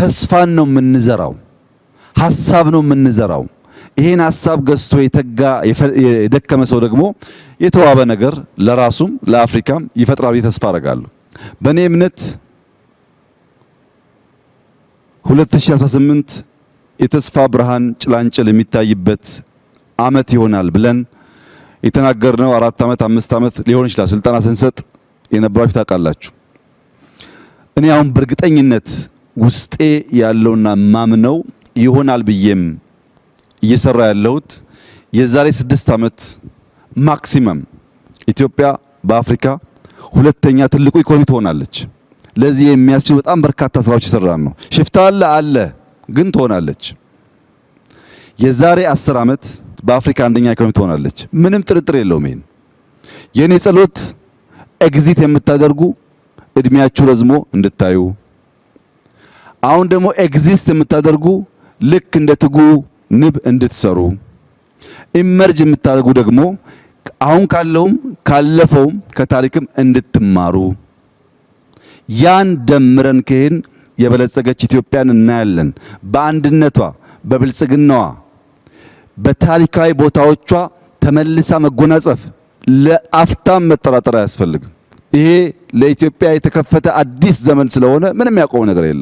ተስፋን ነው የምንዘራው፣ ሀሳብ ነው የምንዘራው። ይህን ሀሳብ ገዝቶ የተጋ የደከመ ሰው ደግሞ የተዋበ ነገር ለራሱም ለአፍሪካም ይፈጥራል ተስፋ አደርጋለሁ። በእኔ እምነት 2018 የተስፋ ብርሃን ጭላንጭል የሚታይበት አመት ይሆናል ብለን የተናገርነው አራት ዓመት አምስት ዓመት ሊሆን ይችላል። ስልጠና ስንሰጥ የነበራችሁ ታውቃላችሁ። እኔ አሁን በእርግጠኝነት ውስጤ ያለውና ማምነው ይሆናል ብዬም እየሰራ ያለሁት የዛሬ ስድስት ዓመት ማክሲመም ኢትዮጵያ በአፍሪካ ሁለተኛ ትልቁ ኢኮኖሚ ትሆናለች። ለዚህ የሚያስችል በጣም በርካታ ስራዎች የሰራን ነው። ሽፍታ አለ አለ፣ ግን ትሆናለች። የዛሬ አስር ዓመት በአፍሪካ አንደኛ ኢኮኖሚ ትሆናለች። ምንም ጥርጥር የለውም። ይሄን የኔ ጸሎት ኤግዚት የምታደርጉ እድሜያችሁ ረዝሞ እንድታዩ አሁን ደግሞ ኤግዚስት የምታደርጉ ልክ እንደ ትጉ ንብ እንድትሰሩ ኢመርጅ የምታደርጉ ደግሞ አሁን ካለውም ካለፈውም ከታሪክም እንድትማሩ ያን ደምረን ከሄን የበለጸገች ኢትዮጵያን እናያለን። በአንድነቷ፣ በብልጽግናዋ፣ በታሪካዊ ቦታዎቿ ተመልሳ መጎናጸፍ ለአፍታም መጠራጠር አያስፈልግም። ይሄ ለኢትዮጵያ የተከፈተ አዲስ ዘመን ስለሆነ ምንም ያቆመው ነገር የለም።